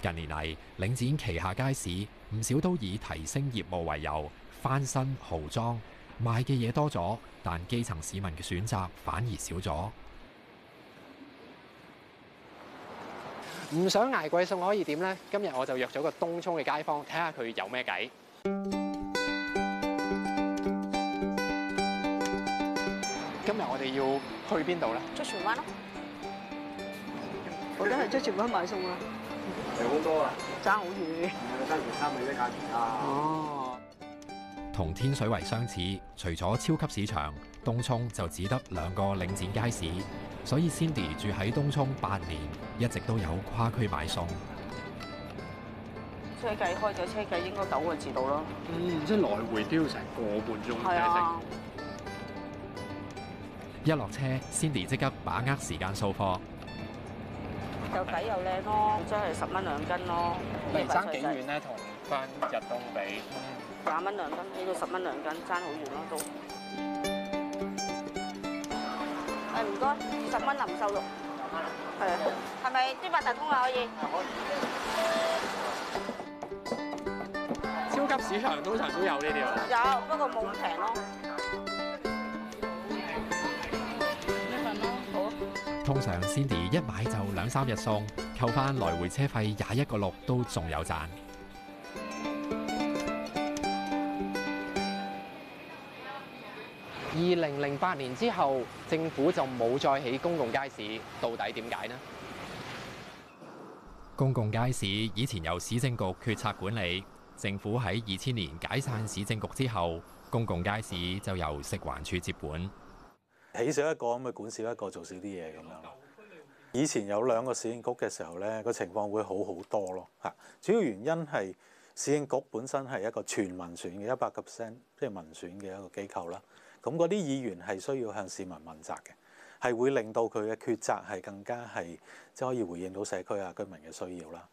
近年嚟，領展旗下街市唔少都以提升業務為由，翻新豪裝，賣嘅嘢多咗，但基層市民嘅選擇反而少咗。唔想捱貴餸可以點呢？今日我就約咗個東涌嘅街坊，睇下佢有咩計。今日我哋要去邊度咧？出荃灣咯，我梗係出荃灣買餸啦。就好多啦，爭好遠，爭件衫比咩價錢啊？哦。同、嗯啊、天水圍相似，除咗超級市場，東涌就只得兩個領展街市，所以 Cindy 住喺東涌八年，一直都有跨區買餸。所以車計開咗車計，應該九個字到咯。嗯，即係來回都要成個半鐘。係啊。一落車，Cindy 即刻把握時間掃貨。又抵又靚咯，即係十蚊兩斤咯。唔係爭幾遠咧，同番日東比，廿蚊兩斤，呢度十蚊兩斤，爭好遠咯都。誒唔該，二十蚊林秀肉，係啊，係咪啲八達通啊可以？可以。超級市場通常都有呢啲喎。有，不過冇咁平咯。通常 Cindy 一買就兩三日餸，扣返來回車費廿一個六都仲有賺。二零零八年之後，政府就冇再起公共街市，到底點解呢？公共街市以前由市政局決策管理，政府喺二千年解散市政局之後，公共街市就由食環署接管。起少一個咁咪管少一個做少啲嘢咁樣咯。以前有兩個市政局嘅時候咧，個情況會好好多咯嚇。主要原因係市政局本身係一個全民選嘅一百個 percent，即係民選嘅一個機構啦。咁嗰啲議員係需要向市民問責嘅，係會令到佢嘅抉擇係更加係即係可以回應到社區啊居民嘅需要啦。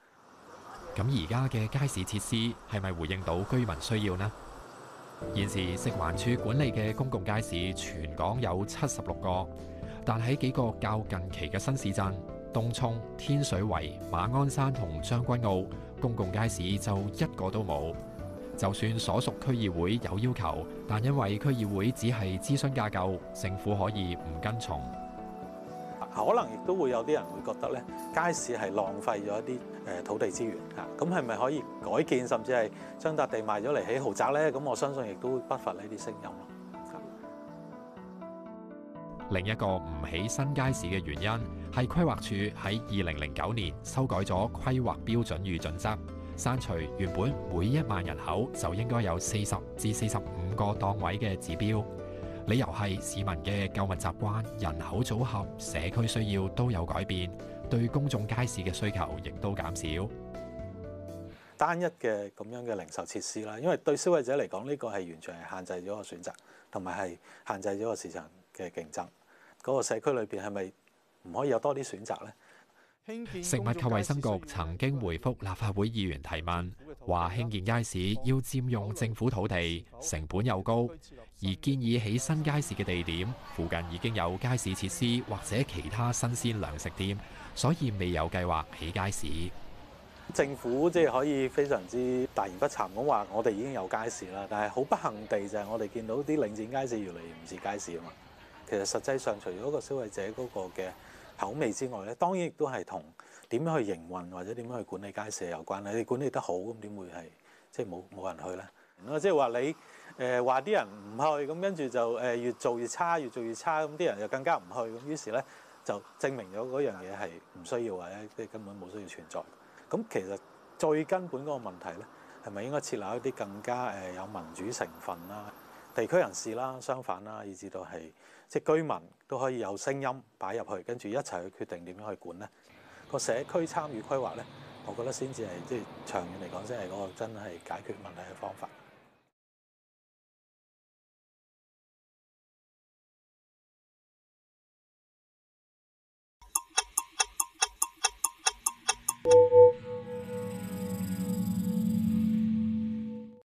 咁而家嘅街市設施係咪回應到居民需要咧？現時食環署管理嘅公共街市，全港有七十六個，但喺幾個較近期嘅新市鎮，東涌、天水圍、馬鞍山同將軍澳，公共街市就一個都冇。就算所屬區議會有要求，但因為區議會只係諮詢架構，政府可以唔跟從。可能亦都會有啲人會覺得咧，街市係浪費咗一啲誒土地資源嚇，咁係咪可以改建，甚至係將笪地賣咗嚟起豪宅呢？咁我相信亦都會不乏呢啲聲音咯。另一個唔起新街市嘅原因係規劃處喺二零零九年修改咗規劃標準與準則，刪除原本每一萬人口就應該有四十至四十五個檔位嘅指標。理由係市民嘅購物習慣、人口組合、社區需要都有改變，對公眾街市嘅需求亦都減少。單一嘅咁樣嘅零售設施啦，因為對消費者嚟講，呢個係完全係限制咗個選擇，同埋係限制咗個市場嘅競爭。嗰個社區裏邊係咪唔可以有多啲選擇呢？食物及衛生局曾經回覆立法會議員提問，話興建街市要佔用政府土地，成本又高，而建議起新街市嘅地點附近已經有街市設施或者其他新鮮糧食店，所以未有計劃起街市。政府即係可以非常之大言不慚咁話，我哋已經有街市啦，但係好不幸地就係我哋見到啲領展街市越嚟越唔似街市啊嘛。其實實際上除了，除咗個消費者嗰個嘅。口味之外咧，當然亦都係同點樣去營運或者點樣去管理街市有關咧。你管理得好咁點會係即係冇冇人去咧？啊，即係話你誒話啲人唔去咁，跟住就誒越做越差，越做越差咁，啲人就更加唔去咁。於是咧就證明咗嗰樣嘢係唔需要或者即係根本冇需要存在的。咁其實最根本嗰個問題咧，係咪應該設立一啲更加誒有民主成分啦？地區人士啦，相反啦，以至到係即居民都可以有聲音擺入去，跟住一齊去決定點樣去管。呢個社區參與規劃呢，我覺得先至係即長遠嚟講，先係嗰個真係解決問題嘅方法。